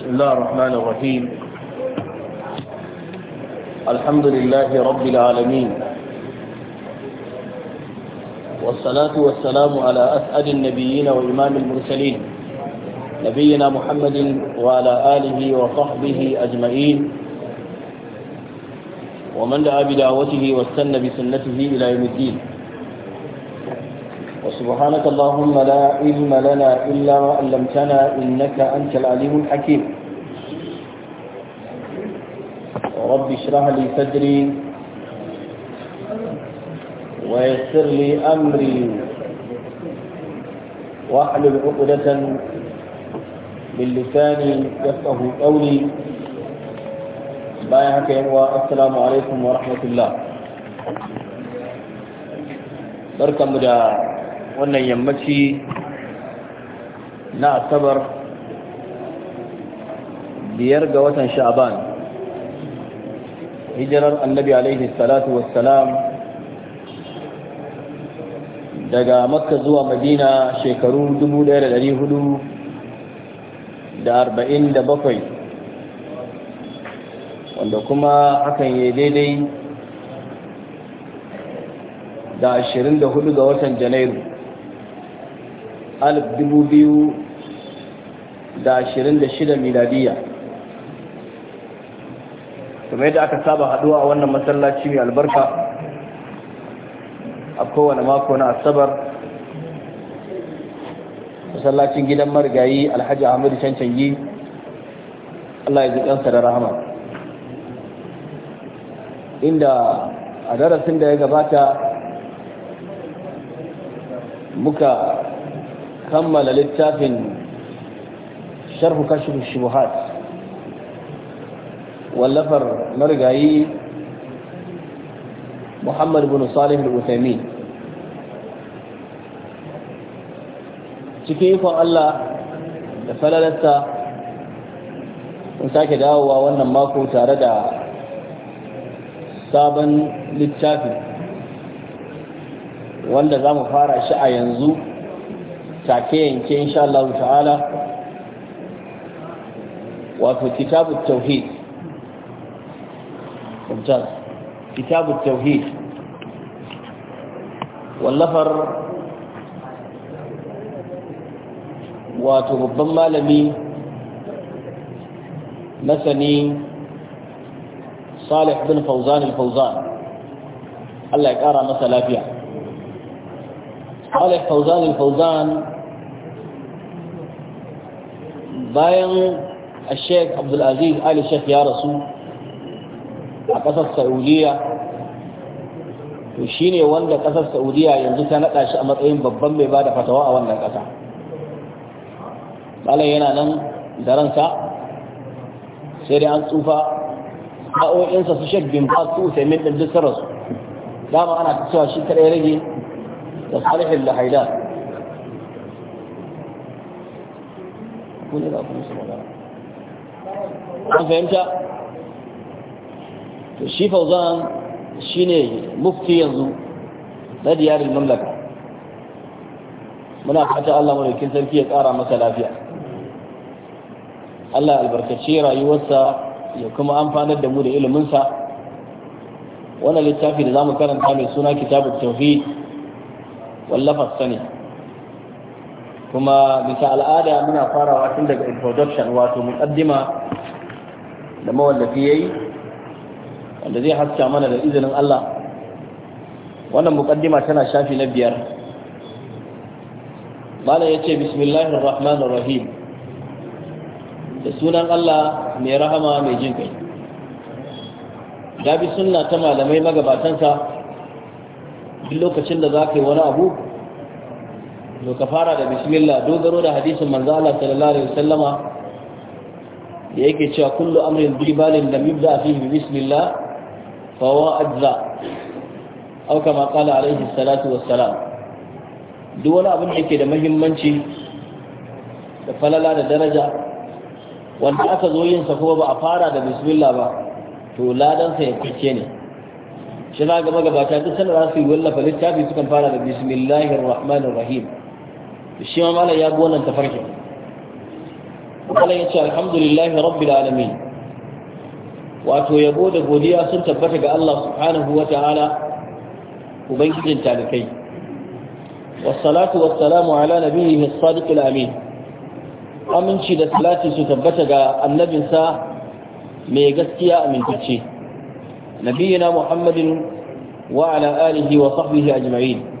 بسم الله الرحمن الرحيم الحمد لله رب العالمين والصلاة والسلام على أسعد النبيين وإمام المرسلين نبينا محمد وعلى آله وصحبه أجمعين ومن دعا بدعوته واستنى بسنته إلى يوم الدين سبحانك اللهم لا علم لنا إلا ما علمتنا إنك أنت العليم الحكيم رب اشرح لي صدري ويسر لي أمري واحلل عقدة من لساني يفقه قولي بايعك يا والسلام عليكم ورحمة الله بركة مجاعة wannan yammaci na asabar biyar ga watan sha'aban hijirar annabi alaihi salatu wassalam daga makka zuwa madina shekaru 1447 wanda kuma hakan ya daidai da 24 ga watan janairu 2026 miladiya kuma yadda aka saba haduwa a wannan masallaci mai albarka a kowane mako na asabar masallacin gidan marigayi alhaji ahmadu cancangi allah ya zuƙansa da rahama inda a darasin da ya gabata muka kammala littafin sharhu kashif shubuhat wallafar marigayi muhammad bin salih al-uthaymin cikin ikon Allah da falalarsa sun sake dawowa wannan mako tare da sabon littafi wanda za mu fara shi a yanzu take-yanke insha Allah ta'ala wato kitabu tauhid kitabu tauhid wallafar wato babban malami masani salih bin fauzan al-fauzan Allah ya kara masa lafiya salih fauzan al-fauzan bayan sheik abdulaziz ali sheik ya rasu a ƙasar saudiya to shi ne wanda ƙasar saudiya yanzu ta naɗa shi a matsayin babban mai ba da fatawa a wannan ƙasa ɓalai yana nan da ransa sai dai an tsufa sa'o'insa su sheik bin ba su usaimin ɗin duk rasu dama ana cewa shi kaɗai rage da salihin lahaidar ku ne za ku musu magana an fahimta to shi fauzan shi ne mufti yanzu na diyarin mamlaka muna fata Allah mulkin sarki ya tsara masa lafiya Allah albarkace rayuwarsa ya kuma amfanar da mu da iliminsa wannan littafi da za mu karanta mai suna kitabut tauhid wallafa sani kuma bisa al'ada muna farawa tun daga introduction wato muqaddima da mawallafi yayi wanda zai haska mana da izinin Allah wannan muqaddima tana shafi na biyar mala yace bismillahir rahmanir rahim da sunan Allah mai rahama mai jin kai da bi sunna ta malamai magabatansa duk lokacin da za ka yi wani abu to ka fara da bismillah dogaro da hadisin manzo Allah sallallahu alaihi wasallama da yake cewa kullu amrin bibalin lam yubda fihi bismillah fa huwa ajza aw kama qala alaihi salatu wassalam duk wani abin da yake da muhimmanci da falala da daraja wanda aka zo yin sa kuma ba a fara da bismillah ba to ladan sa ya fice ne shi za ga ta duk sanar su yi wallafa littafi sukan fara da bismillahir rahmanir rahim shi ma malam ya ga wannan tafarkin malam ya ce alhamdulillahi rabbil alamin wato yabo da godiya sun tabbata ga Allah subhanahu wa ta'ala ubangijin talikai wassalatu wassalamu ala nabiyhi as-sadiq amin aminci da salati su tabbata ga annabinsa mai gaskiya amintacce nabiyina muhammadin wa ala alihi wa sahbihi ajma'in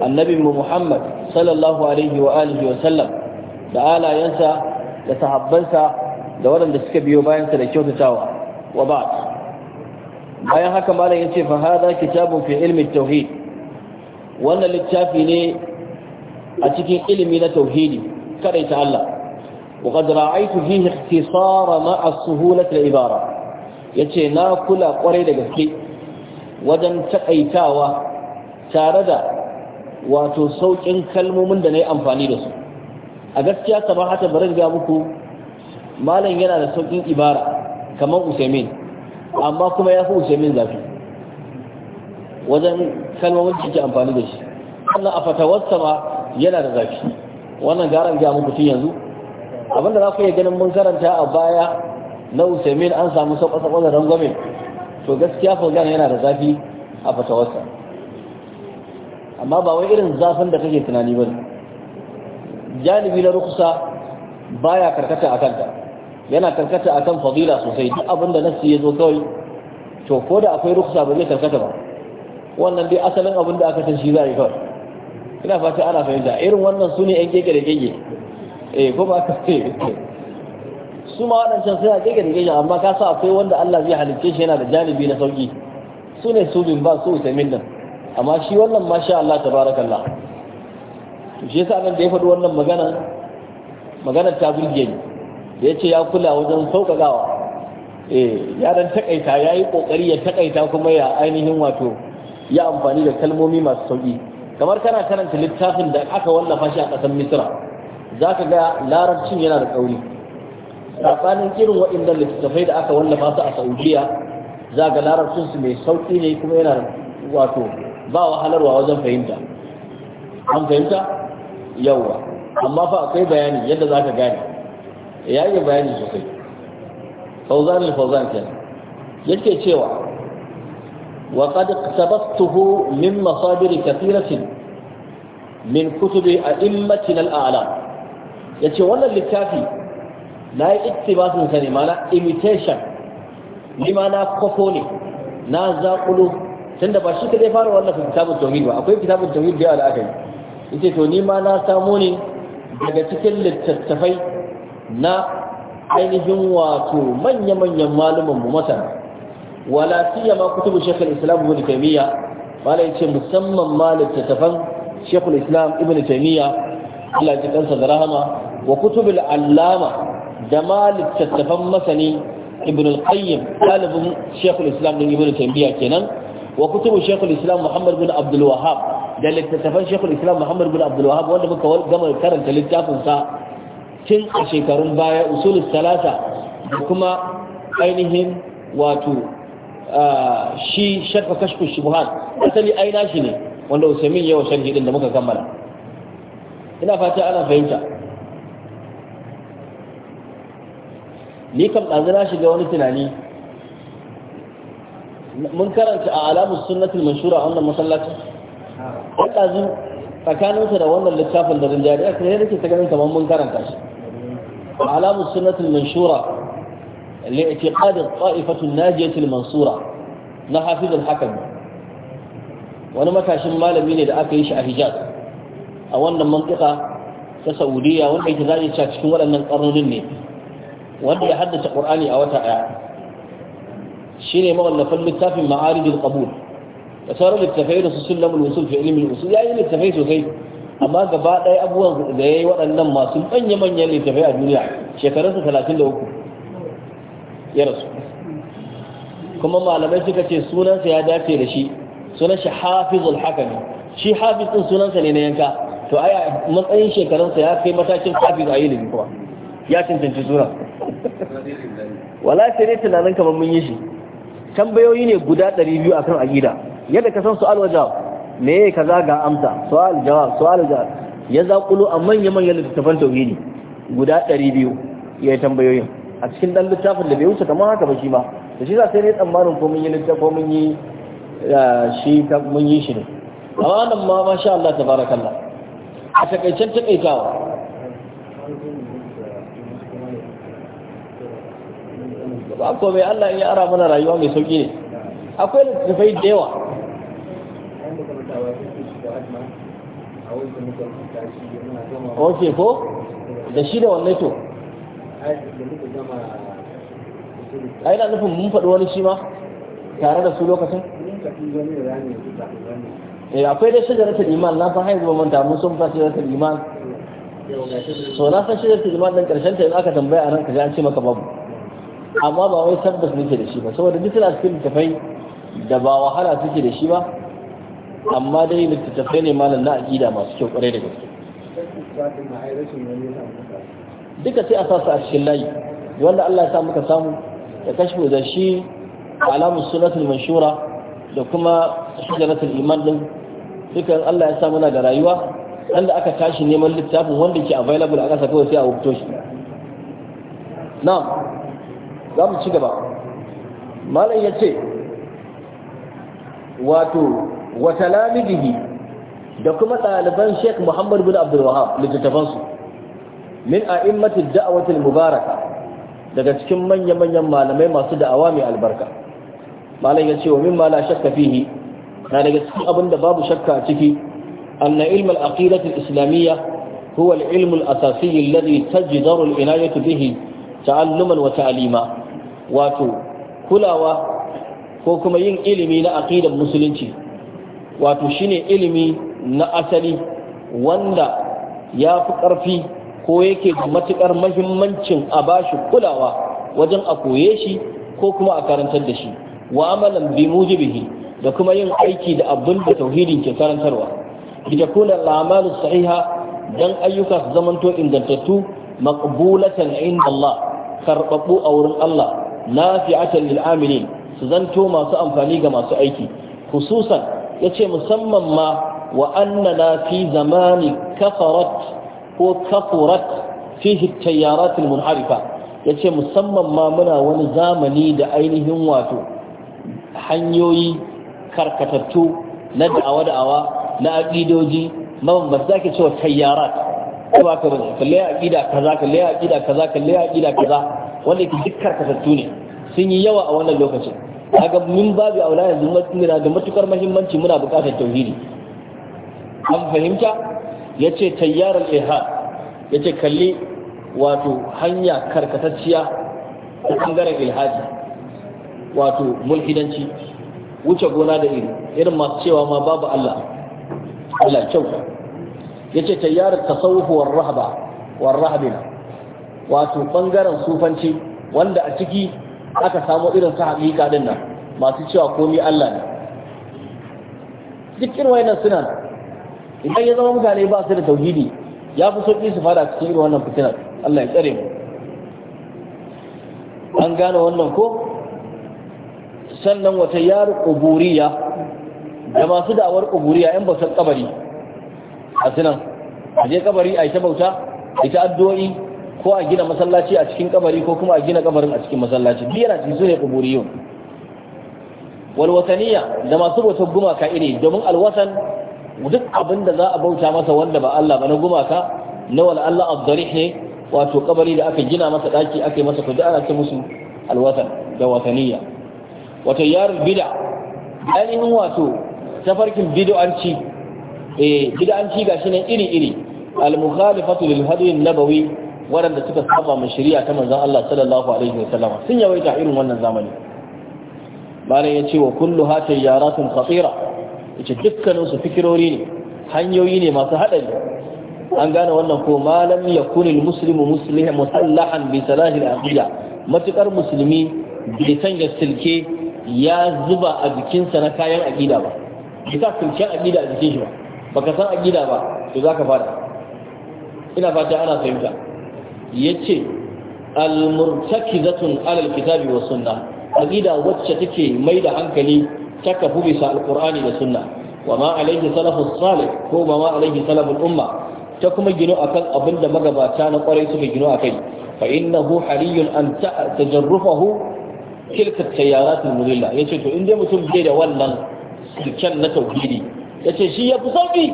annabin mu Muhammad sallallahu alaihi wa alihi wa sallam da alayansa da sahabbansa da waɗanda suka biyo bayansa da kyautatawa wa ba bayan haka malam yace fa hadha kitabun fi ilmi tauhid wannan littafi ne a cikin ilimi na tauhidi kadaita Allah wa qad ra'aytu fihi ikhtisara ma'a suhulat al-ibara yace na kula kwarai da gaske wajen takaitawa tare da wato saukin kalmomin da na yi amfani da su a gaskiya kamar hata barin ga muku malam yana da saukin ibara kamar usaimin amma kuma ya fi usaimin zafi wajen kalmomin da ke amfani da shi wannan a fatawarsa ma yana da zafi wannan garan ga muku tun yanzu abinda za ku iya ganin mun karanta a baya na usaimin an samu sauƙa-sauƙa da rangwame to gaskiya fulgan yana da zafi a fatawarsa amma ba wai irin zafin da kake tunani ba janibi na rukusa baya karkata a kanta yana karkata a kan fadila sosai duk abin da nassi ya zo kawai to ko da akwai rukusa ba zai karkata ba wannan dai asalin abin da aka san shi za a yi kawai ina fata ana fahimta irin wannan su ne 'yan keke da keke eh ko ba ka ce su ma waɗancan suna keke da keke amma ka sa akwai wanda Allah zai halicce shi yana da janibi na sauki su ne su bin ba su usaimin nan amma shi wannan masha Allah tabarakallah to shi yasa nan da ya faɗi wannan magana magana ta burge ni da yace ya kula wajen saukakawa eh ya dan takaita yayi kokari ya takaita kuma ya ainihin wato ya amfani da kalmomi masu sauki kamar kana karanta littafin da aka wallafa shi a ƙasar Misra zaka ga larabcin yana da kauri sabanin irin waɗannan littattafai da aka wallafa su a Saudiya za ga larabcin su mai sauki ne kuma yana wato ba wahalarwa wajen fahimta an fahimta yawa amma fa akwai bayani yadda za ka gani. ya yi bayani sosai fauzan al-fauzan kenan yake cewa wa qad min masadir kathiratin min kutubi a'immatina al ya ce wannan littafi na yi ittibasin sa ne mana imitation ni ma na kofo ne na zaƙulu tunda ba shi kadai fara wallafa kitabun tauhid ba akwai kitabun tauhid da aka yi yace to ni ma na samu ne daga cikin littattafai na ainihin wato manya-manyan malaman mu masana wala siyama kutubu shekul islam ibn taymiya mala ce musamman ma littattafan shekul islam ibn taymiya Allah ya kansa da rahama wa kutubul allama da ma littattafan masani ibn al-qayyim talibin shekul islam ibn taymiya kenan wa kutubu shekul islam muhammad bin abdul wahab da littattafan shekul islam muhammad bin abdul wahab wanda muka gama karanta littafinsa tun a shekarun baya usulul salata da kuma ainihin wato shi sharfa kashfu shubuhan asali aina shi ne wanda usaimin yawa sharhi din da muka kammala ina fata ana fahimta ni kam ɗazu shi ga wani tunani mun karanta a alamus sunnatul mashura a wannan masallaci ɗazu tsakaninsa da wannan littafin da rinjari a kare da ke ta ganin kamar mun karanta shi a alamus sunnatul mashura li'itiqad al-ta'ifah an-najiyah al-mansura na hafiz hakan hakim wani matashin malami ne da aka yi shi a hijaz a wannan mantika ta saudiya wanda yake zai cikin waɗannan karnonin ne wanda ya haddace ƙur'ani a wata ɗaya ne mawallafin littafin ma'arijul qabul da sauran littafai da su sulamul usul fi ilmin usul yi littafai sosai amma gaba ɗaya abubuwan da ya yi waɗannan masu manya manyan littafai a duniya shekarun da uku ya rasu kuma malamai suka ce sunansa ya dace da shi sunan shi hafizul hakami shi hafiz ɗin sunansa ne na yanka to ai matsayin shekarunsa ya kai matakin hafiz a ilimi kuwa, ya cancanci sunan wala sai ne tunanin kamar mun yi shi tambayoyi ne guda 200 akan aqida yadda ka san su'al jawab. me kaza ga amsa su'al jawab su'al jawab ya zaƙulu a manya-manyan littattafan tauhidi guda 200 ya yi tambayoyin a cikin ɗan littafin da bai wuce kamar haka ba shi ba da shi za sai ne tsammanin ko mun yi littafi ko mun yi eh, shi mun yi shi ne amma nan ma masha Allah tabarakallah a takaicen takaitawa ba ko mai Allah in ya ara mana rayuwa mai sauki ne akwai littattafai da yawa ok ko da shi da wannan to yi na nufin mun faɗi wani shi ma tare da su lokacin E, akwai dai shajaratul iman na fa haihuwa manta mun sun fa shajaratul iman so na san shajaratul iman din ƙarshen ta yi aka tambaya a ranka sai an ce maka babu amma ba wai tabbas nake da shi ba saboda duk suna cikin tafai da ba wahala suke da shi ba amma dai littattafai ne malam na aƙida masu kyau kwarai da gaske duka sai a sa a cikin layi wanda Allah ya sa muka samu ya kashfu da shi alamu sunnatul manshura da kuma sunnatul iman din dukan Allah ya sa muna da rayuwa wanda aka tashi neman littafin wanda ke available a ƙasa kawai sai a wuto shi na'am za mu ci gaba malam ya ce wato wata lamidihi da kuma ɗaliban sheik muhammad bin abdulwahab littattafansu min a immatin da'awatul mubaraka daga cikin manya-manyan malamai masu da'awa mai albarka malam ya ce wa min mala shakka fihi na daga cikin abin da babu shakka a ciki anna ilmal aqidatul islamiyya huwa al-ilmul asasiyyi alladhi tajdaru al-inayatu bihi ta'alluman wa ta'lima wato kulawa ko kuma yin ilimi na aqidar musulunci wato shine ilimi na asali wanda ya fi ƙarfi ko yake da matuƙar mahimmancin a bashi kulawa wajen a koye shi ko kuma a karantar da shi wa amalan bi mujibihi da kuma yin aiki da abin da tauhidin ke karantarwa bi takuna al'amalu sahiha dan ayyuka su zamanto ingantattu maqbulatan inda Allah karbabu a wurin Allah nafi'atan lil aminin su zanto masu amfani ga masu aiki khususan yace musamman ma wa annana fi zamani kafarat ko kafurat fihi at-tayyarat al-munharifa yace musamman ma muna wani zamani da ainihin wato hanyoyi karkatattu na da'awa da'awa na aqidoji mabambanta zake cewa tayyarat ko ba ka bane kalle aqida kaza kalle aqida kaza kalle aqida kaza wanda ke dukkan kasattu ne sun yi yawa a wannan lokacin kaga min babu aula yanzu muna da matukar muhimmanci muna buƙatar tauhidi an fahimta yace tayyar al-ihad yace kalli wato hanya karkatacciya ta bangaren ilhaji wato mulkidanci wuce gona da iri irin masu cewa ma babu Allah Allah kyau yace tayyar tasawuf war rahaba war rahabina wato bangaren sufanci wanda a ciki aka samu irin sa hakika din nan masu cewa komai Allah ne duk irin wayannan suna idan ya zama mutane ba su da tauhidi ya fi sauƙi su fara cikin irin wannan fitina Allah ya tsare mu an gane wannan ko sannan wata yar kuburiya da masu da'awar kuburiya yan bautar kabari a sunan a je kabari a ta bauta ta addu'o'i ko a gina masallaci a cikin kabari ko kuma a gina kabarin a cikin masallaci duk yana cikin sune kuburiyun wal wataniya da masu bautar gumaka iri domin alwatan duk abin da za a bauta masa wanda ba Allah ba na gumaka na wal Allah ad ne wato kabari da aka gina masa daki aka yi masa kudi ana ce musu alwatan da wataniya wato yar bid'a ainihin wato tafarkin bid'anci eh bid'anci gashi nan iri iri al-mukhalifatu lil hadi an-nabawi waɗanda suka saba mu shari'a ta manzon Allah sallallahu alaihi wasallam sun yawaita irin wannan zamani malam ya ce wa kullu hatin yaratun khatira yace dukkanin dukkaninsu fikirori ne hanyoyi ne masu haɗari. an gane wannan ko malam yakun al muslimu muslihan musallahan bai salahi da aqida Matuƙar musulmi bai sanya silke ya zuba a jikinsa na kayan aqida ba bai sa silken aqida a jikin shi ba baka san aqida ba to ka fada ina fata ana fahimta yace almurtaki zaton alal kitabi wa sunna akida wacce take mai da hankali ta kafu bisa da sunna wa ma alaihi salafus salih ko ba ma alaihi salaful umma ta kuma gino kan abin da magabata na kwarai suka gino akai fa innahu haliyun an tajarrufahu tilka tayaratul mudilla yace to in dai mutum bai da wannan sirken na tauhidi yace shi ya fi sauki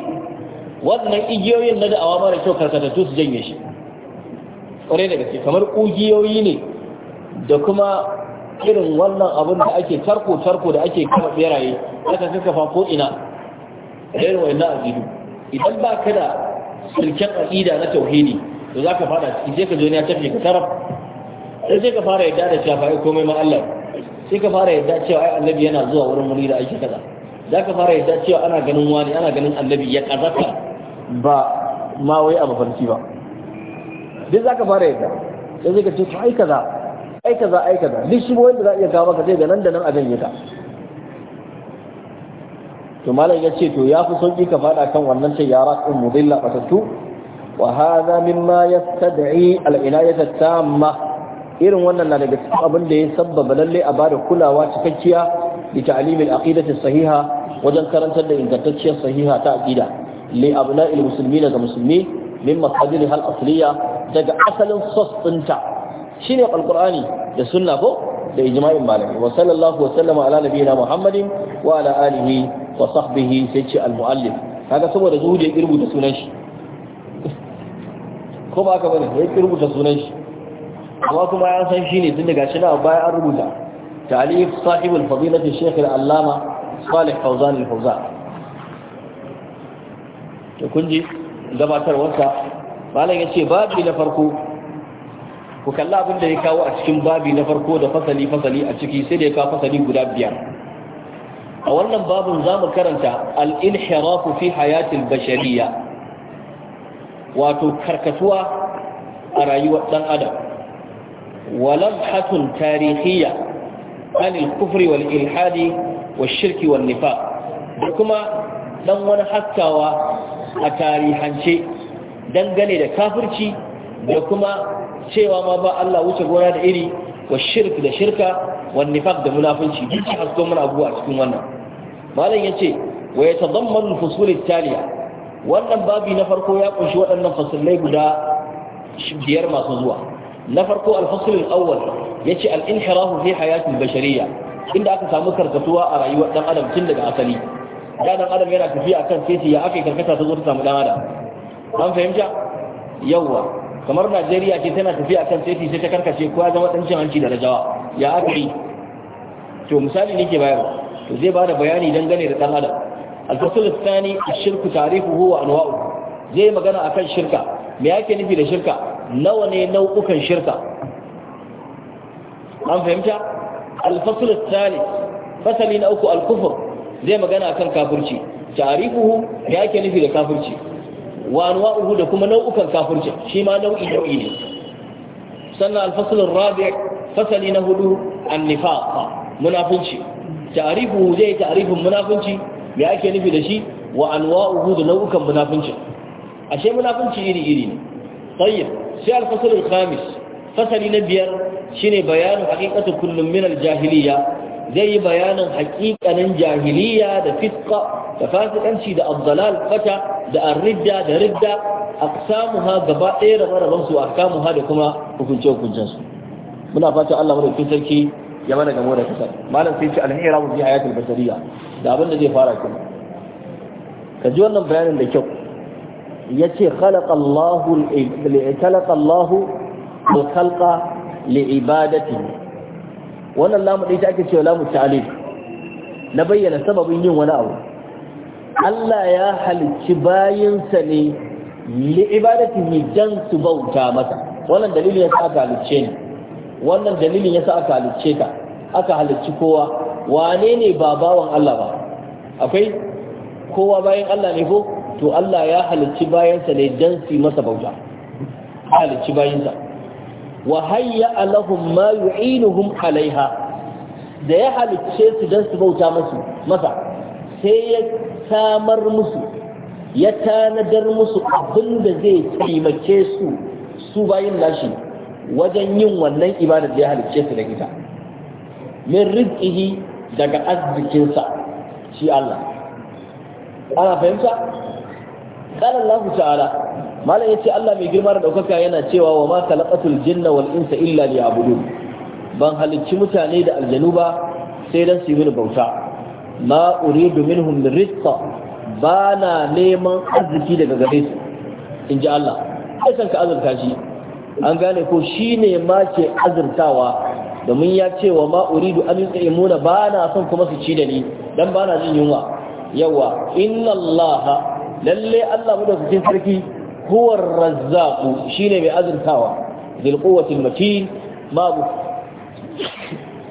wannan igiyoyin na da'awa mara kyau karkatattu su janye shi kwarai da gaske kamar kugiyoyi ne da kuma irin wannan abin da ake tarko-tarko da ake kama beraye aka kakkafa ko ina da irin wannan na'azidu idan ba ka da sulken al'ida na tauhidi to za ka fada cikin sai ka zo ne ya tafi ka taraf sai ka fara yadda da shafa'i fa'i komai ma Allah sai ka fara yadda cewa ai annabi yana zuwa wurin wuri da ake kaza za ka fara yadda cewa ana ganin wani ana ganin annabi ya kazaka ba ma wai a mafarki ba duk zaka fara yadda Ya zai ka ce to ai kaza ai duk shi boye za a iya gawo maka zai ga nan da nan abin yaka to malam ya ce to ya fi sauƙi ka fada kan wannan ce yara din mudilla batattu wa hadha mimma yastad'i al-inayata tamma irin wannan na daga cikin abin da ya sabbaba lalle a bada kulawa cikakkiya li ta'limil aqidati sahiha wajen karantar da ingantacciyar sahiha ta aqida li abna'il muslimina ga musulmi min masadir hal asliya daga asalin source ɗinta shine alqur'ani da sunna ko da ijma'in malami wa sallallahu wasallama sallama ala nabiyina muhammadin wa ala alihi wa sahbihi sai ce al almuallif kaga saboda zuhudi ya kirbuta sunan shi ko ba ka bane ya kirbuta sunan shi kuma kuma ya san shi ne tun daga shi na baya an rubuta ta'alif sahibul fadilati shaykh al-allama salih fawzan al-fawzan to kun ji gabatarwarsa malam ya ce babi na farko ku kalla abin da ya kawo a cikin babi na farko da fasali-fasali a ciki sai da ya kawo fasali guda biyar a wannan babin za mu karanta al'inhirafu fi hayatin bashariya wato karkatuwa a rayuwar ɗan adam walam hatun tarihiyya anil kufri wal ilhadi wa shirki wal nifa kuma ɗan wani haskawa a tarihance dangane da kafirci da kuma cewa ma ba Allah wuce gona da iri wa shirk da shirka wa nifaq da munafunci duk a cikin mana a cikin wannan malam yace wa yatadammanu fusul taliya wannan babi na farko ya kunshi waɗannan fasallai guda biyar masu zuwa na farko al-fasl al-awwal yace al-inhirafu fi hayati al-bashariyya inda aka samu karkatuwa a rayuwar dan adam tun daga asali dan adam yana tafiya akan sai ya aka karkata ta zo ta samu dan adam an fahimta yawwa kamar najeriya ce tana tafiya kan titi sai ta karkace kowa zama dan cin hanci da rajawa ya aka yi to misali nake bayarwa to zai bada bayani dangane da dan adam al-fasl thani ash-shirku tarifuhu wa anwa'u zai magana akan shirka me yake nufi da shirka nawa ne nau'ukan shirka an fahimta al-fasl thani fasali na uku al-kufr zai magana akan kafirci tarifuhu me yake nufi da kafirci wa anwa'uhu da kuma nau'ukan kafirci shi ma nau'i nau'i ne sannan alfasalin rabi' fasali na hudu annifaq munafunci ta'rifu zai ta'rifin munafunci me ake nufi da shi wa anwa'uhu da nau'ukan munafunci ashe munafunci iri iri ne tayyib sai alfasalin khamis fasali na biyar shine bayanin haqiqatu kullum min al-jahiliya zai yi bayanin hakikanin jahiliya da fiska da fasikanci da abdalal fata da arridda da ridda ha gaba ɗaya da marabar su aqsamuha da kuma hukunce hukuncen su muna fata Allah madaukakin sarki ya mana gamo da kasar malam sai ce alhira mu bi hayatul basariya da abin da zai fara kuma ka ji wannan bayanin da kyau yace khalaqa Allahu khalaqa Allahu li ibadati wannan lamu ɗaya ake cewa lamu ta'alif na bayyana sababin yin wani abu Allah ya halicci bayinsa ne ne dan su bauta masa wannan dalilin yasa aka halicce ni wannan dalilin yasa aka halicce ka aka halicci kowa wane ne ba bawan Allah ba akwai kowa bayan Allah ne ko to Allah ya halicci bayansa ne dan su masa bauta halicci bayansa wa hayya alahum ma yu'inuhum alaiha da ya halicce su don su bauta musu masa sai ya samar musu ya tanadar musu abin da zai taimake su su bayin nashi wajen yin wannan ibada da ya halicce su da ita min rizqihi daga arzikinsa shi Allah ana fahimta qala ta'ala malam yace Allah mai girma da daukaka yana cewa wa ma khalaqatul jinna wal insa illa liya'budun ban halicci mutane da aljanu ba sai dan su yi mini bauta ma uridu minhum rizqa bana neman arziki daga gare su In ji Allah sai san ka azurta shi an gane ko shine ma ke azurtawa domin ya ce wa ma uridu an ba bana son kuma su ci da ni dan bana jin yunwa yawa inna Allah lalle Allah sarki huwa razzaqu shine mai azurtawa bil quwwati matin babu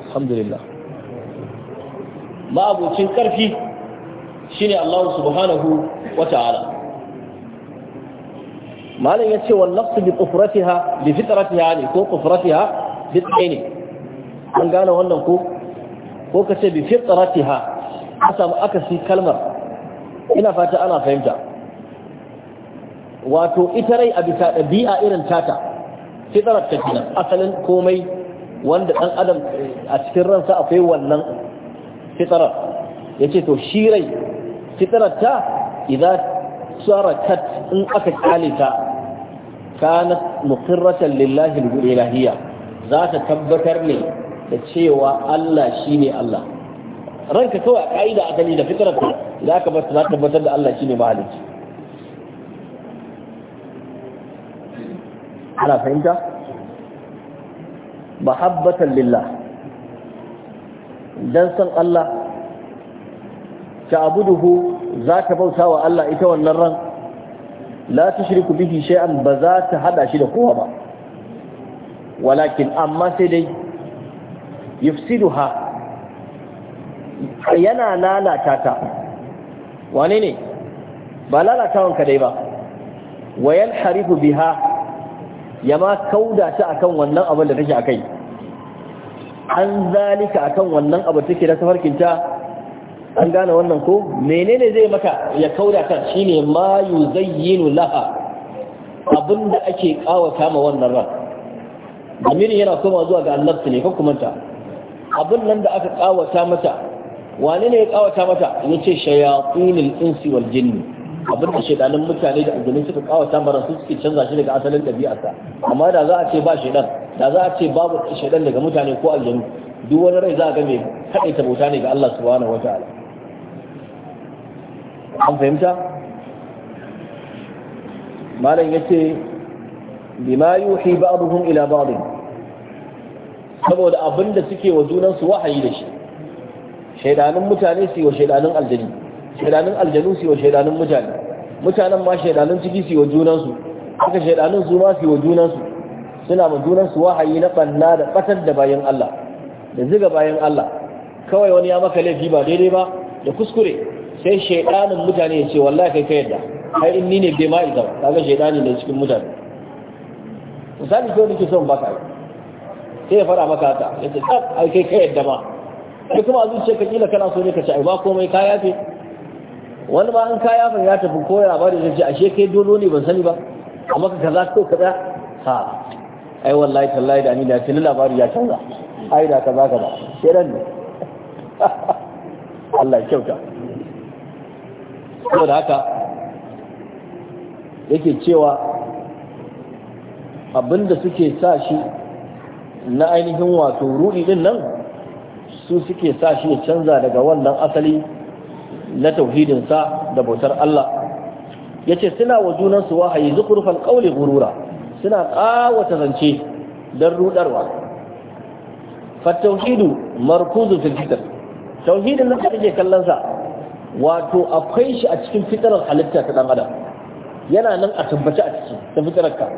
alhamdulillah ma'abucin karfi shine Allah subhanahu wa ta'ala malam yace wal nafs bi qufratiha bi fitratiha ne ko qufratiha bi tsini an gane wannan ko ko kace bi fitratiha aka samu kalmar ina fata ana fahimta wato ita rai a bisa ɗabi'a irin tata fitarar ta kenan asalin komai wanda ɗan adam eh, a cikin ransa akwai wannan fitarar ya ce to shi rai fitarar ta idan tsarakat in aka kyale kana kanat muqirratan lillahi al za ta tabbatar ne da cewa Allah shi ne Allah ranka kawai a ka'ida a gani da fitarar ta za ka bar ta tabbatar da Allah shi ne mahalicci ana fahimta Ba mahabbatan lillah Don san Allah za ta bauta wa Allah ita wannan ran la ta shiri tushriku bihi shay'an ba za ta hada shi da kowa ba walakin amma sai dai yufsiduha yana lalata ta wane ne ba lalatawan dai ba wayan harifu biha ya ma kauda ta akan wannan abin da take akai an zalika akan wannan abu take da safarkinta an gane wannan ko menene zai maka ya kauda kan shine ma yuzayyinu laha abinda ake kawata ma wannan ran amiri yana koma zuwa ga Allah ne ko kuma ta abin nan da aka kawata mata wane ne ya kawata mata yace shayatinul insi wal jinni abin da shedanin mutane da ugunin suka kawata mara su suke canza shi daga asalin ɗabi'arsa amma da za a ce ba shedan da za a ce babu shedan daga mutane ko aljanu duk wani rai za a ga mai kaɗaita bauta ne ga Allah subhanahu wataala an fahimta malam yace bima yuhi ba'dhum ila ba'd saboda abinda suke wa junansu wahayi da shi shaidanin mutane su yi wa shaidanin aljanu shaidanin aljanu su yi wa shaidanin mutane mutanen ma shaidanun ciki su yi wa junansu suka shaidanun su ma su yi wa junansu suna ma junansu wahayi na banna da batar da bayan Allah da ziga bayan Allah kawai wani ya maka laifi ba daidai ba da kuskure sai shaidanun mutane ya ce wallahi kai ka yadda kai in ni ne bai ma idan kaga shaidani ne cikin mutane misali ko nake son baka sai ya fara maka haka yace kai kai ka yadda ma kai kuma a zuciyarka kila kana so ne ka ci ai ba komai ka yafe wani ba an kaya fa ya tafi koya ba da yace ashe kai dolo ne ban sani ba amma ka kaza ko kaza ha ai wallahi tallahi da ni da tilla labari ya canza ai da kaza kaza shedan ne Allah ya kyauta saboda haka yake cewa abinda suke sa shi na ainihin wato ruɗi ɗin nan su suke sa shi ya canza daga wannan asali na tauhidinsa da bautar Allah ya ce suna wa junansu wahayi zukurfal qawli gurura suna ƙawata zance don rudarwa fa tauhidu markuzu fil fitr tauhidin nan da kake kallon wato akwai shi a cikin fitarar halitta ta dan yana nan a tabbaci a ciki ta fitarar ka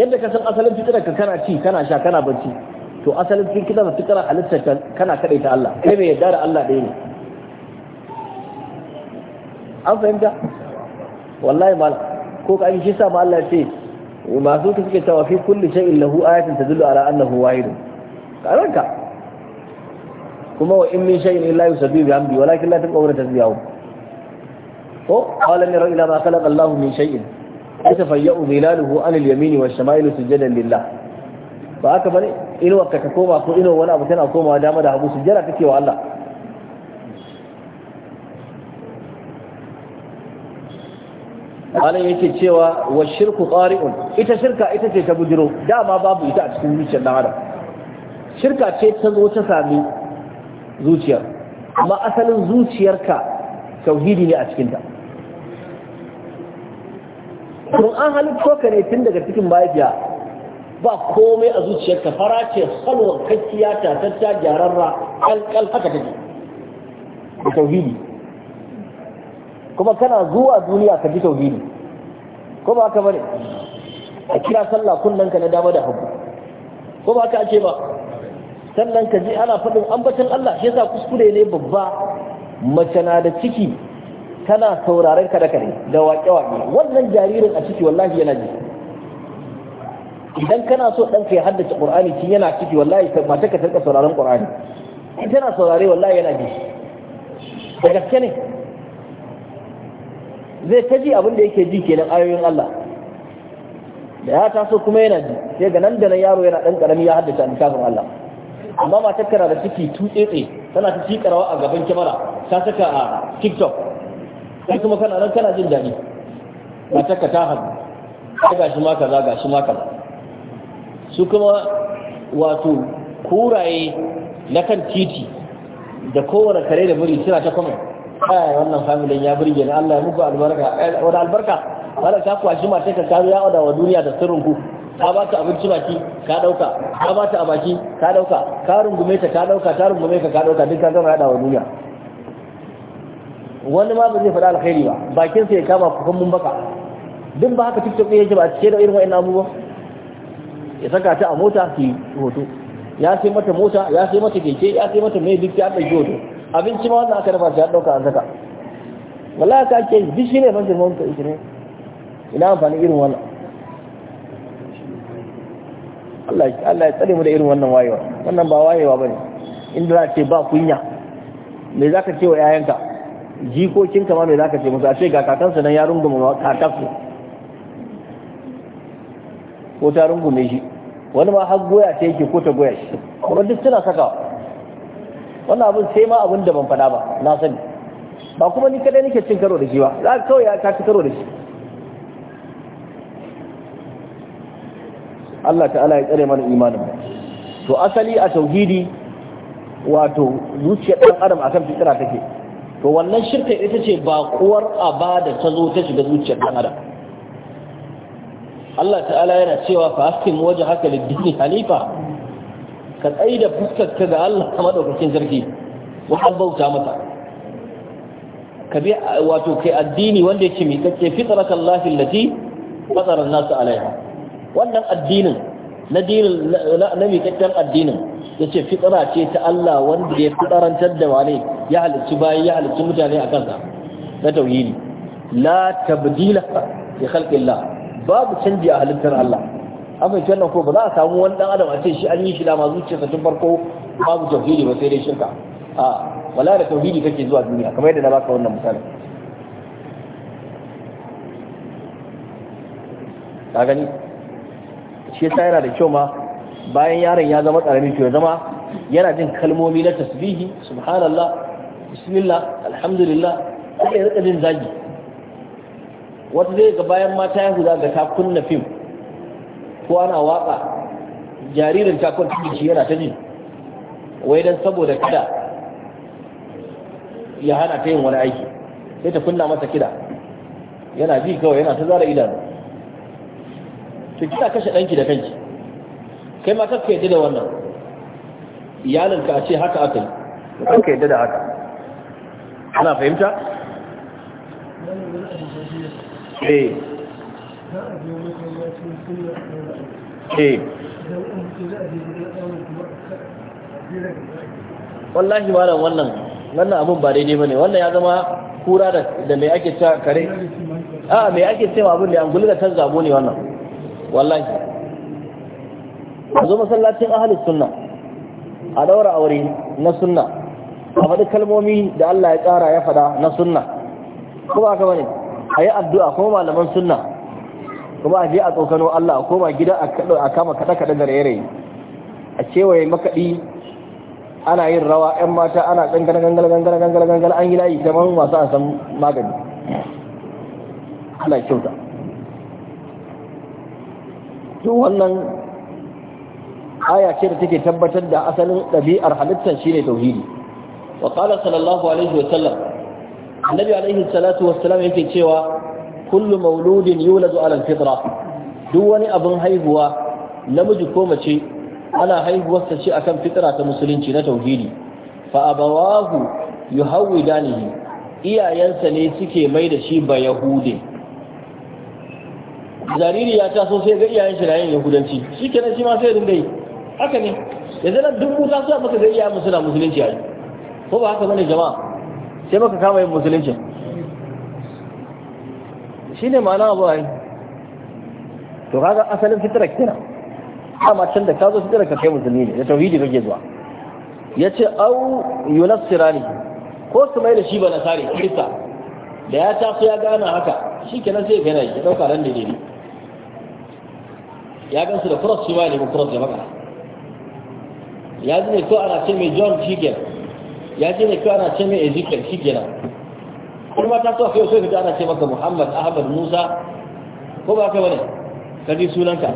yadda ka san asalin fitararka ka kana ci kana sha kana bacci to asalin fitarar fitarar halitta kana kaɗai ta Allah kai mai yadda da Allah ɗaya ne an fahimta wallahi mal ko ka shi sa ma Allah ce masu ka suke cewa fi kulli shay'in lahu ayatin tadullu ala annahu wahid karanka kuma wa in min shay'in illa yusabbihu bihamdi walakin la taqawwa tasbihu ko qala ni ila ma khalaqa Allah min shay'in yatafayya'u zilaluhu an al-yamin wa shama'ilu sujadan lillah ba haka bane inuwa ka koma ko inuwa wani abu tana komawa dama da hagu sujjada kake wa Allah malam yake cewa wa shirku qari'un ita shirka ita ce ta bujiro dama babu ita a cikin zuciyar dan adam shirka ce ta zo ta sami zuciyar amma asalin zuciyarka tauhidi ne a cikin ta kun an halitto ka ne tun daga cikin mahaifiya ba komai a zuciyarka fara ce salwar kakkiya ta tatta gyararra kalkal haka take da tauhidi kuma kana zuwa duniya ka ji tauhidi ko ba ka bane a kira sallah kullun ka na dama da hagu ko ba ka ake ba sannan ka ji ana faɗin ambatan Allah shi yasa kuskure ne babba mace na da ciki tana sauraren ka da kare da waƙe-waƙe wannan jaririn a ciki wallahi yana ji idan kana so dan ya haddace qur'ani kin yana ciki wallahi mata ka tarka sauraron qur'ani in tana saurare wallahi yana ji da gaske ne zai ta ji abin da yake ji kenan ayoyin Allah da ya taso kuma yana ji sai ga nan da nan yaro yana dan karami ya haddace littafin Allah amma matar kana da ciki tutsetse tana ta ci karawa a gaban kyamara ta saka a TikTok sai kuma kana nan kana jin daɗi Ba ka ta hadu sai gashi ma kaza gashi ma kaza su kuma wato kuraye na kan titi da kowane kare da muri suna ta kuma kai wannan familin ya burge ni Allah ya muku albarka wani albarka wala ka kwashi mata ka kazo ya wada wa duniya da sirrin ku ka ba ta abinci baki ka dauka ka ba ta abaki ka dauka ka rungume ta ka dauka ta rungume ka ka dauka duk ka gama yada wa duniya wani ma ba zai faɗa alkhairi ba bakin sa ya kama kukan mun baka duk ba haka tiktok ya yake ba a da irin wa'in abubuwa ya saka ta a mota ki hoto ya sai mata mota ya sai mata keke ya sai mata mai duk ya ɗauki hoto abinci ma wannan aka dafa shi ya ɗauka a saka wala ka ake shi ne ban girman ka ishirin ina amfani irin wannan Allah Allah ya tsare mu da irin wannan wayewa wannan ba wayewa bane inda za ce ba kunya me zaka ce wa yayanka jikokinka ma me zaka ce musu a ce ga kakansu nan ya rungume kakansu ko ta rungume shi wani ma har goya ta yake ko ta goya shi kuma duk suna sakawa wannan abin sai ma abin da ban faɗa ba na sani ba kuma ni kadai nake cin karo da shi ba za ka kawai ka ci karo da shi Allah ta'ala ya tsare mana imanin mu to asali a tauhidi wato zuciyar dan adam akan fitira take to wannan shirka ita ce ba kuwar abada ta zo ta shiga zuciyar dan adam Allah ta'ala yana cewa fa askim wajhaka lid-din halifa ka tsaye da fuskarka ga Allah madaukakin sarki wajen bauta mata ka bi wato kai addini wanda yake mi kake fitraka Allah allati fatara an alaiha wannan addinin na dinin na addinin yace fitara ce ta Allah wanda ya fitarantar da wane ya halittu bayan ya halittu mutane a kansa na tauhili la tabdila li khalqillah babu canji a halittar Allah amma fahimci ko ba za a samu wani dan adam a ce shi an yi shi dama sa tun farko babu tauhidi ba sai dai shirka a wala da tauhidi kake zuwa duniya kamar yadda na baka wannan misali ka gani shi yasa yana da kyau ma bayan yaron ya zama karami to ya zama yana jin kalmomi na tasbihi subhanallah bismillah alhamdulillah sai ya rika jin zagi wata zai ga bayan mata ya huda ga ta kunna fim ko ana waka jaririn takon cikin shi yana ta ji wai dan saboda kada ya hana ta yin wani aiki sai ta kunna masa kida yana ji kawai yana ta zara idanu to kina kashe danki da kanki kai ma kake yadda da wannan iyalinka a ce haka aka yi ka yadda da haka ana fahimta? eh Eh. wallahi malam wannan wannan abun ba daidai bane wannan ya zama kura da da mai ake cewa kare a mai ake cewa abun da an da ta zabo ne wannan wallahi zo masallacin ahlus sunna a daura aure na sunna a faɗi kalmomi da Allah ya ƙara ya faɗa na sunna ko ba ka bane a yi addu'a kuma malaman sunna kuma a je a tsokano Allah a koma gida a kama kaɗe-kaɗe da raye-raye a cewaye makaɗi ana yin rawa 'yan mata ana gangana gangana gangana gangana gangana an yi layi kamar masu an san magani ana kyauta to wannan aya ce da take tabbatar da asalin ɗabi'ar halittar shine tauhidi wa qala sallallahu alaihi wa sallam annabi alaihi salatu wassalam yake cewa kullu mauludin yuladu ala fitra duk wani abin haihuwa namiji ko mace ana haihuwar ta ce akan fitra ta musulunci na tauhidi fa abawahu yuhawidanihi iyayensa ne suke mai da shi ba yahude jariri ya taso sai ga iyayen shi na yin yahudanci shi kenan shi ma sai dinga yi haka ne yanzu nan duk musa suna maka ga iyayen suna musulunci a yi ko ba haka bane jama'a sai maka kama yin musulunci shine ma'ana abu yi? to kaga asalin fitarar kina amma can da ka zo fitarar ka kai musulmi ne da tauhidi kake zuwa ce au yunassirani ko su mai da shi ba nasari kirista da ya taso ya gana haka shi nan sai gana ya dauka ran da ne ya gansu da cross shi ba ne cross da baka ya ji ne ko ana ce mai john shi ya ji ne ko ana ce mai ezekiel shi kenan kuma ma ta so kai so ka ana ce maka Muhammad Ahmad Musa ko ba ka bane ka ji sunanka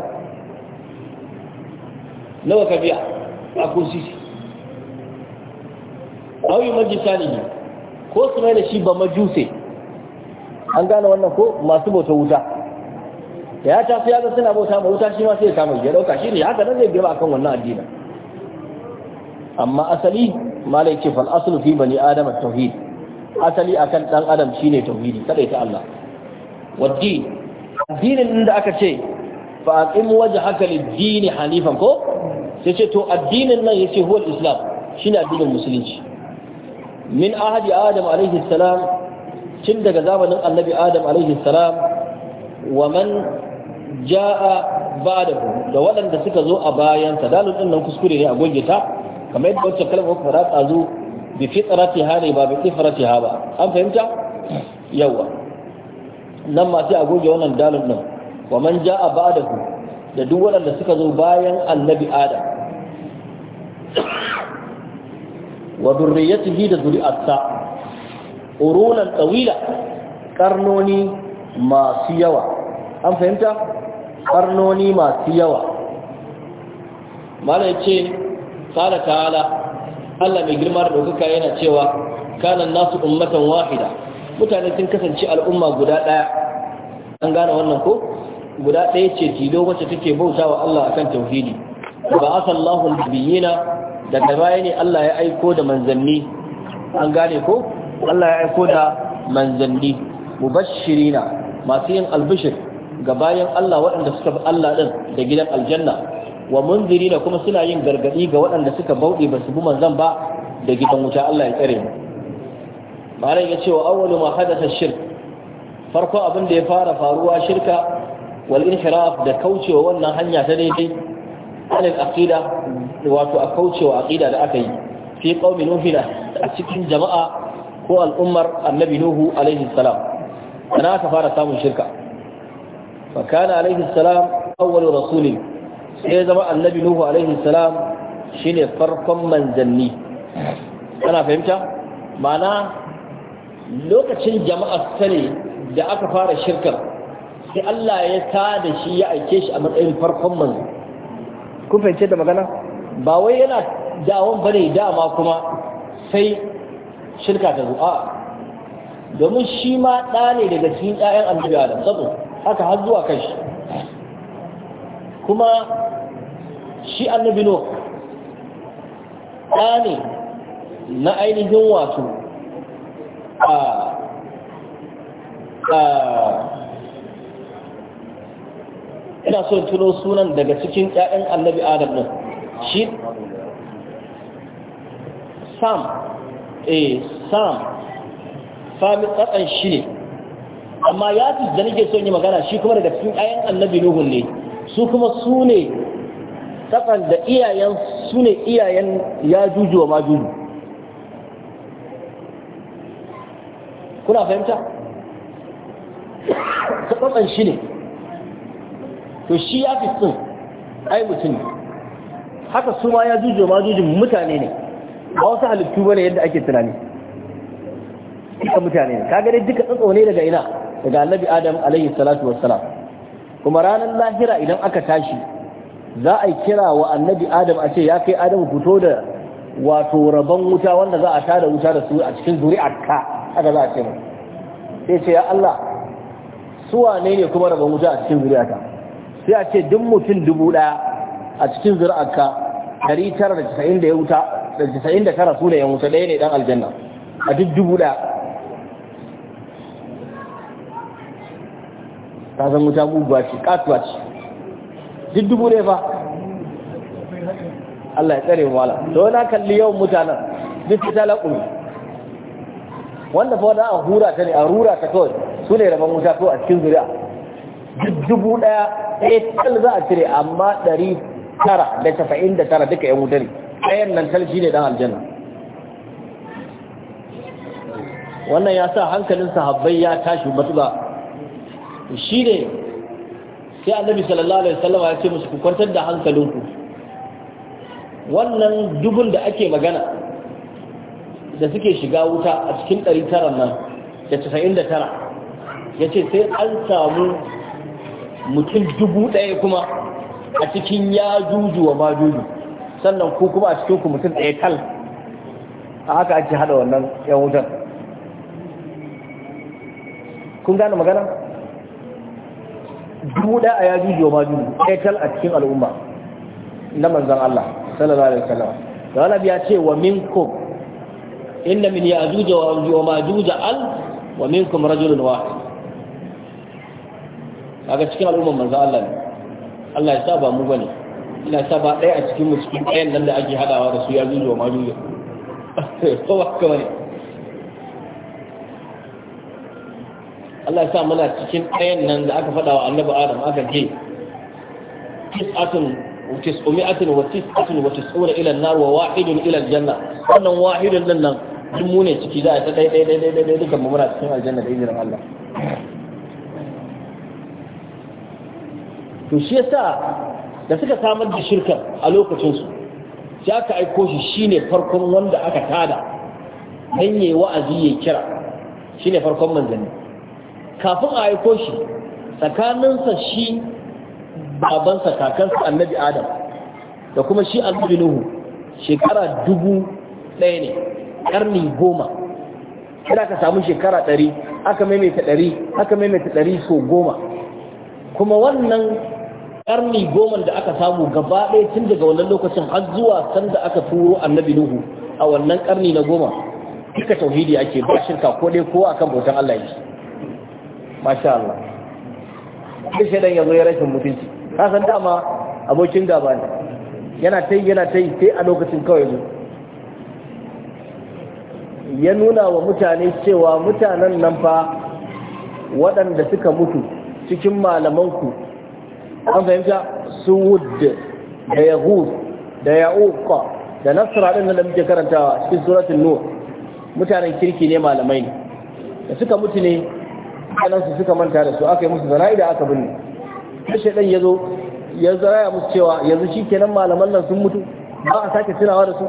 nawa ka biya a kursi aw yi ne, ko su mai da shi ba majuse an gane wannan ko masu bauta wuta da ya tafi ya ga suna bauta ma wuta shi ma sai ya samu ya dauka shi ne haka nan zai girma akan wannan addinin amma asali malai ce fal aslu fi bani adam at-tauhid asali akan dan adam shine tauhidi kadai ta Allah waddi addinin inda aka ce fa aqim wajhaka lid-din hanifan ko sai ce to addinin nan yace huwa islam shine addinin musulunci min ahadi adam alaihi salam tun daga zamanin annabi adam alaihi salam wa man ja'a ba'dahu da waɗanda suka zo a bayansa dalilin nan kuskure ne a goge ta kamar yadda wacce kalmar fara tsazo bi fitratiha ne ba bi fitratiha ba an fahimta yawa nan a wannan dalil nan wa man ja'a ba'dahu da duk waɗanda suka zo bayan annabi adam wa durriyatihi da zuri'atsa urunan tawila karnoni masu yawa an fahimta karnoni masu yawa mala yace qala ta'ala Allah mai girma da ɗaukaka yana cewa kanan nasu ummatan wahida mutane sun kasance al'umma guda ɗaya an gane wannan ko guda ɗaya ce tilo wacce take bauta wa Allah akan tauhidi ba asa Allahun biyina daga baya ne Allah ya aiko da manzanni an gane ko Allah ya aiko da manzanni mubashirina masu yin albishir ga bayan Allah waɗanda suka bi Allah ɗin da gidan aljanna wa munziri da kuma suna yin gargadi ga waɗanda suka bauɗe ba su bi manzan ba da gidan wuta Allah ya tsare mu malam ya ce wa awwalu ma hadatha shirk farko abin da ya fara faruwa shirka wal inhiraf da kaucewa wannan hanya ta daidai alal aqida wato a kaucewa aqida da aka yi fi qaumi nuhina a cikin jama'a ko al'ummar annabi nuhu alaihi salam ka fara samun shirka fa kana alaihi salam awwalu rasulin sai zama annabi nuhu alaihi salam shine farkon manzanni kana fahimta Ma'ana lokacin jama'a sani da aka fara shirkar sai Allah ya da shi ya aike shi a matsayin farkon manzo kun fahimce da magana ba wai yana dawon bane dama kuma sai shirka ta zo domin shi ma ɗa ne daga cikin 'ya'yan annabi Adam saboda haka har zuwa kai kuma shi annabi no ɗa ne na ainihin wato a a ina so tuno sunan daga cikin ƴaƴan annabi adam ɗin shi sam eh sam sami tsakan shi ne amma ya da nake son yi magana shi kuma daga cikin ƴaƴan annabi nuhun ne su kuma su ne tsakan da iyayen su ne iyayen ya jujuwa ma juju kuna fahimta tsakan shi ne to shi ya fi sun ai mutum haka su ma ya jujuwa ma juju mutane ne ba wasu halittu bane yadda ake tunani duka mutane ne kaga gani duka tsatso ne daga ina daga annabi adam alaihi salatu wassalam kuma ranar lahira idan aka tashi za a kira wa annabi adam a ce ya kai adam fito da wato rabon wuta wanda za a tada wuta da su a cikin zuri'arka haka za a ce mai sai ce ya Allah suwa ne ne kuma rabon wuta a cikin zuri'arka sai a ce duk mutum dubu ɗaya a cikin zuri'arka ɗari tara da casa'in da ya wuta da casa'in da tara su ne ya wuta ɗaya ne dan aljanna a duk dubu ɗaya ta san wuta buguwa ce katuwa ce duk dubu ne fa Allah ya tsare wala to na kalli yawan mutanen duk ta laƙumi wanda fa wani an hura ta ne an rura ta kawai su ne rabon wuta ko a cikin zuri'a duk dubu ɗaya ɗaya eh, tal za a cire amma ɗari tara da tafa'in da tara duka yan wuta ne ɗayan nan tal shi ne ɗan aljanna wannan ya sa hankalin sahabbai ya tashi matuƙa shi ne sai annabi sallallahu alaihi wasallam ya ce musu ku kwantar da hankalinku wannan dubun da ake magana da suke shiga wuta a cikin 900 nan da 99 yace sai an samu mutum dubu ɗaya kuma a cikin ya juju wa ma juju sannan ku kuma a cikin ku mutum ɗaya kal a haka ake hada wannan yan wutar kun gane magana dubu da a yaji jiwa ma dubu ɗaital a cikin al'umma na manzan Allah sallallahu alaihi wasallam da wani ya ce wa minkum inna min ya'juj wa ma'juj al wa minkum rajulun wahid kaga cikin al'umma manzan Allah ne Allah ya saba mu bane ina saba ɗaya a cikin mu cikin ɗayan nan da ake hadawa da su ya jujuwa ma jujuwa ko ba kawai Allah ya sa muna cikin ɗayan nan da aka faɗa wa annabi Adam aka ce tis'atun wa tis'umi'atun wa tis'atun wa tis'una ila an-nar wa wahidun ila al-janna wannan wahidun nan nan duk mu ne ciki za a ta dai dai dai dai dai dukan mu muna cikin aljanna da izinin Allah to shi yasa da suka samar da shirka a lokacin su sai aka aiko shi shine farkon wanda aka tada dan yayi wa'azi ya kira shine farkon manzanni kafin a aiko shi tsakaninsa shi babansa kakansa annabi adam da kuma shi annabi nuhu shekara dubu ɗaya ne ƙarni goma kira ka samu shekara ɗari aka maimaita ɗari aka maimaita ɗari so goma kuma wannan ƙarni goma da aka samu gaba ɗaya tun daga wannan lokacin har zuwa sanda aka turo annabi nuhu a wannan ƙarni na goma duka tauhidi ake ba shirka ko dai ko akan bautan Allah yake masha Allah duk shaidan ya ya rashin mutunci ka san dama abokin gaba ne yana ta yana ta sai a lokacin kawai zo ya nuna wa mutane cewa mutanen nan fa waɗanda suka mutu cikin malamanku an fahimta su wud da yahud da ya'uqa da nasara ɗin da muke karantawa cikin suratun nuwa mutanen kirki ne malamai ne da suka mutu ne mutanensu suka manta da su aka yi musu zana'i da aka binne sai shaidan ya zo ya zaraya musu cewa yanzu shi kenan malaman nan sun mutu ba a sake tunawa da su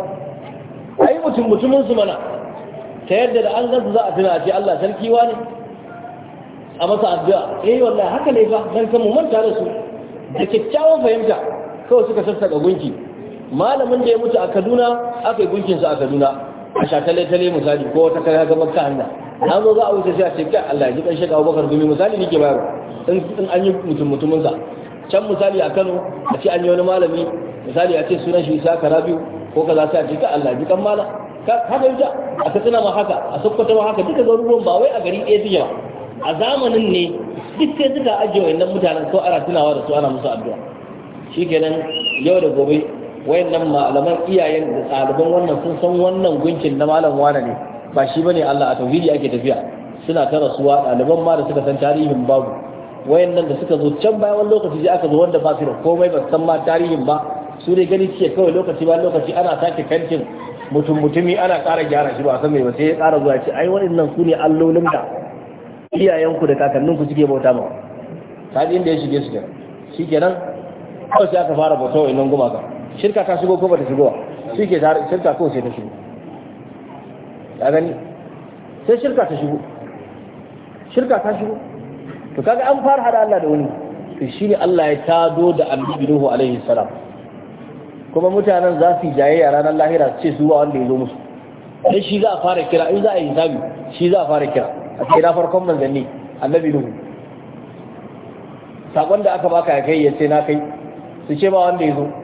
a yi mutum mutumin su mana ta yadda da an gansu za a tuna a ce Allah sarki wa ne a masa addu'a eh wallahi haka ne fa dan kan mu manta da su da kyakkyawan fahimta kawai suka sassaka gunki malamin da ya mutu a Kaduna aka yi gunkinsa a Kaduna a shatale-tale misali ko wata kare ga makka hanya na zo za a wuce sai a ce ka Allah ji kanshe kawo bakar domin misali nake bayarwa in an yi mutum mutuminsa can misali a Kano a ce an yi wani malami misali a ce sunan shi Isa Karabiu ko kaza sai a ce ka Allah ji kan mala haka yi a katsina ma haka a sokoto ma haka duka garuruwan ba wai a gari ɗaya suke ba a zamanin ne duk sai suka ajiye wa mutanen ko ana tunawa da su ana musu addu'a shikenan yau da gobe wayannan malaman iyayen da ɗaliban wannan sun san wannan gunkin na malam wane ne ba shi bane Allah a tauhidi ake tafiya suna ta rasuwa ɗaliban ma da suka san tarihin babu wayannan da suka zo can bayan wani lokaci aka zo wanda ba su da komai ba san ma tarihin ba su dai gani suke kawai lokaci ba lokaci ana sake kantin mutum mutumi ana ƙara gyara shi ba san mai ba sai ya ƙara zuwa ce ai nan su ne allolin da iyayenku da kakanninku suke bauta ma kaji inda ya shige su kenan shi kenan kawai sai aka fara bauta wa innan gumaka shirka ta shigo ko ba ta shigo shi ke shirka ko sai ta shigo ya gani sai shirka ta shigo shirka ta shigo to kaga an fara hada Allah da wani to shine Allah ya tado da annabi Nuhu alaihi salam kuma mutanen za su jaye a ranar lahira su ce su ba wanda ya zo musu sai shi za a fara kira in za a yi hisabi shi za a fara kira a ce na farkon manzanni annabi Nuhu sakon da aka baka ya kai ya ce na kai su ce ba wanda ya zo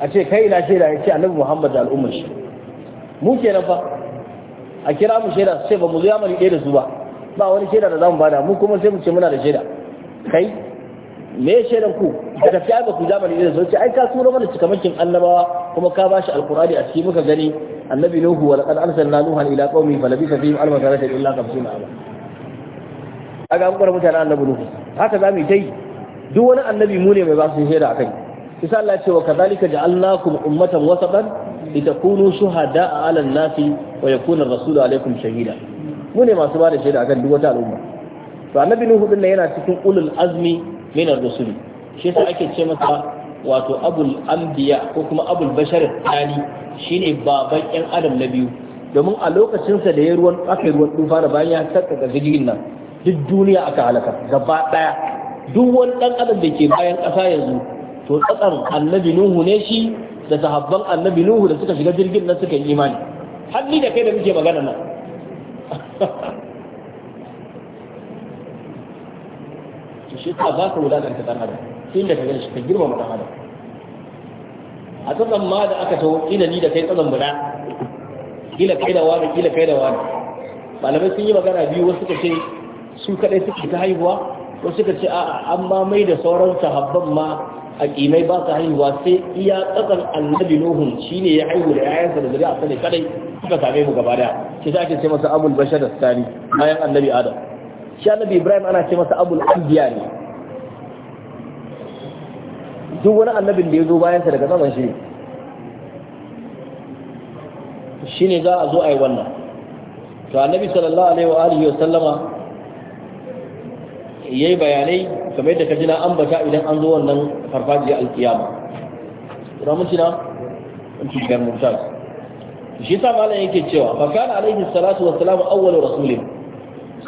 a ce kai ina shaida ya ce annabi muhammad da al'ummar shi mu kenan fa a kira mu shaida sai ce ba mu zo yamani ɗaya da su ba ba wani shaida da zamu bada mu kuma sai mu ce muna da shaida kai me shaidan ku da tafiya ba ku zamani ɗaya da su ce ai ka tura mana cikamakin annabawa kuma ka bashi alkurani a ciki muka gani annabi nuhu wa laqad arsalna nuhan ila qaumi falabisa fihim alfa sanata illa 50 ama kaga an kwara mutanen annabi nuhu haka zamu yi dai duk wani annabi mu ne mai ba su shaida akai isa Allah ce wa kazalika ja'alnakum ummatan wasatan litakunu shuhada'a 'alan nasi wa yakuna ar-rasulu 'alaykum shahida mu ne masu bada shaida akan duk wata al'umma to annabi nuhu din yana cikin ulul azmi min ar-rusul shi ake ce masa wato abul anbiya ko kuma abul bashar tani shine baban yan adam na biyu domin a lokacin sa da ya ruwan aka ruwan tufa da bayan ya tsaka jirgin nan duk duniya aka halaka gaba daya duk wani dan adam da ke bayan ƙasa yanzu to tsatsan annabi nuhu ne shi da sahabban annabi nuhu da suka shiga jirgin nan suka yi imani har ni da kai da muke magana nan to shi ta ba ka wulakanta dan adam tun da ka gani shi ka girmama dan adam a tsatsan ma da aka tawo ina ni da kai tsatsan mu kila kai da wani kila kai da wani malamai sun yi magana biyu wasu suka ce su kadai suke ta haihuwa wasu suka ce a'a an ma mai da sauran sahabban ma hakimai ba su haihuwa sai iya tsakan annabi nuhun shine ya haihu da yayansa da zuriya sa ne kadai suka same mu gaba daya shi ake ce masa abul bashar sani bayan annabi adam shi annabi ibrahim ana ce masa abul anbiya ne duk wani annabin da ya zo bayansa daga zaman shi shine za a zo a yi wannan to annabi sallallahu alaihi wa alihi wa sallama yayi bayanai kamar yadda ka ji na ambata idan an zo wannan farfajiyar alkiyama ramuci na cikin mumtaz shi sa malam yake cewa fa kana alaihi salatu wassalam awwalu rasulin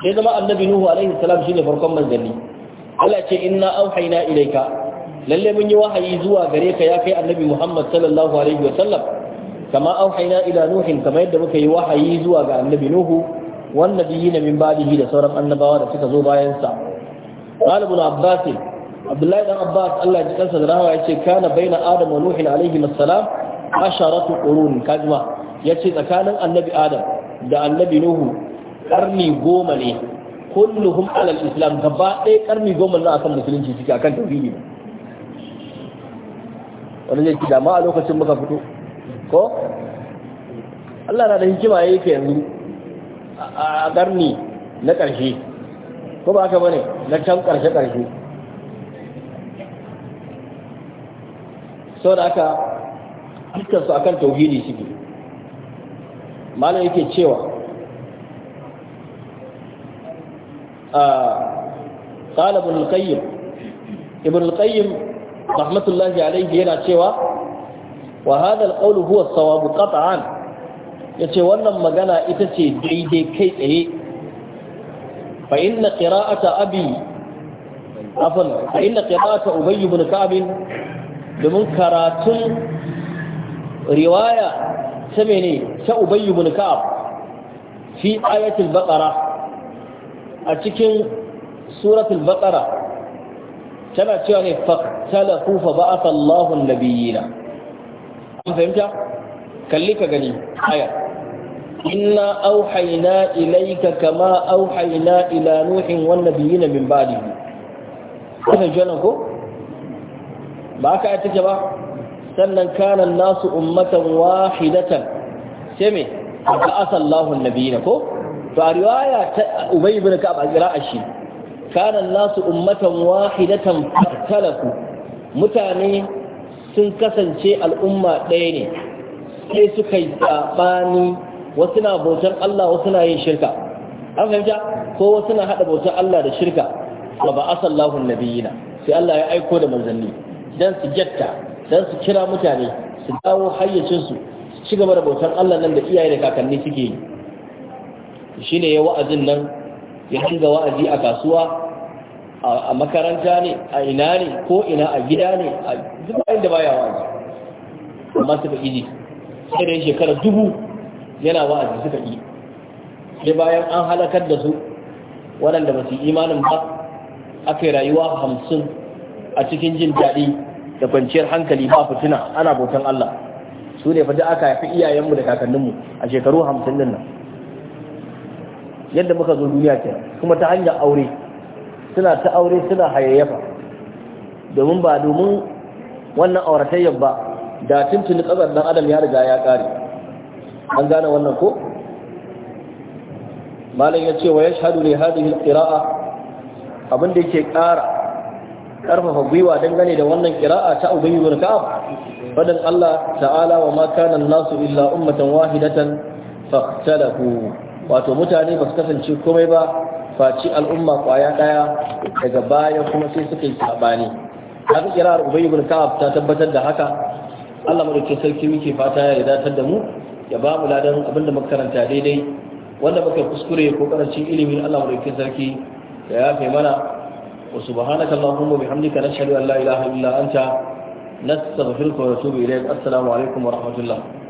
sai zama annabi nuhu alaihi salam shine farkon manzanni Allah ce inna auhayna ilayka lalle mun yi wahayi zuwa gare ka ya kai annabi Muhammad sallallahu alaihi wasallam kama auhayna ila nuhin kama yadda muka yi wahayi zuwa ga annabi nuhu wan nabiyina min ba'dihi da sauran annabawa da suka zo bayan sa na abbas abdullahi dan abbas Allah ya kansa da rahawa yace kana baina adam wa nuh a assalam asharatu qurun kajma yace tsakanin annabi adam da annabi nuhu karni goma ne kulluhum alal islam gaba ɗaya karni goma na akan musulunci suke akan tauhidi wani zai ci dama a lokacin muka fito ko Allah na da hikima ya yi ka yanzu a ƙarni na ƙarshe ko ba haka bane na can karshe karshe da aka dukkan su akan tauhidi suke malam yake cewa قال ah, ابن qayyim ابن القيم رحمة الله Alayhi yana cewa wa hadha alqawlu huwa as-sawab qat'an yace wannan magana ita ce daidai kai tsaye فإن قراءة أبي أفن فإن قراءة أبي بن كعب لمن كرات رواية سمعني سأبي بن كعب في آية البقرة أتكن سورة البقرة تنا تعني فاختلفوا فبعث الله النبيين فهمت؟ كلك غني آية inna auhayna ilayka kama auhayna ila nuhin wan nabiyina min ba'dihi kana jana ko ba ka take ba sannan kana nasu ummatan wahidatan sai me ba asallahu nabiyina ko to a riwaya ta ubay ibn ka'ab a qira'a shi kana nasu ummatan wahidatan fatalaku mutane sun kasance al'umma ɗaya ne sai suka yi wasu na bautar Allah wasu na yin shirka an fahimta ko wasu na haɗa bautar Allah da shirka wa ba asallahu nabiyina sai Allah ya aiko da manzanni dan su jatta dan su kira mutane su dawo hayyacin su su ci gaba da bautar Allah nan da iyaye da kakanni suke yi shine ya wa'azin nan ya hanga wa'azi a kasuwa a makaranta ne a ina ne ko ina a gida ne a duk inda baya wa'azi amma suka iji sai da shekara dubu yana wa'azi suka yi sai bayan an halakar da su waɗanda ba su imanin ba aka yi rayuwa hamsin a cikin jin daɗi da kwanciyar hankali ba fitina ana bautan Allah su ne fata aka haifi iyayenmu da kakanninmu a shekaru hamsin din nan yadda muka zo duniya ke kuma ta hanyar aure suna ta aure suna hayayyafa domin ba domin wannan auratayyar ba da tuntuni ƙasar ɗan adam ya riga ya ƙare an gane wannan ko malam ya ce wa ya shahadu ne hadihi ƙira'a abinda yake ƙara ƙarfafa gwiwa dangane da wannan ƙira'a ta yi wani ka'ab fadin Allah ta'ala wa ma nasu illa ummatan wahidatan fahtalafu wato mutane ba su kasance komai ba faci al'umma kwaya ɗaya. daga baya kuma sai suka yi sabani haka ƙira'ar ubangi wani ka'ab ta tabbatar da haka Allah dauke sarki muke fata ya datar da mu ya ba mu ladan abinda makaranta daidai wanda muka kuskure ko karancin ilimin Allah mu dauke sarki da ya mana wa subhanaka allahumma bihamdika nashhadu an la ilaha illa anta nastaghfiruka wa natubu ilayk assalamu alaikum wa rahmatullah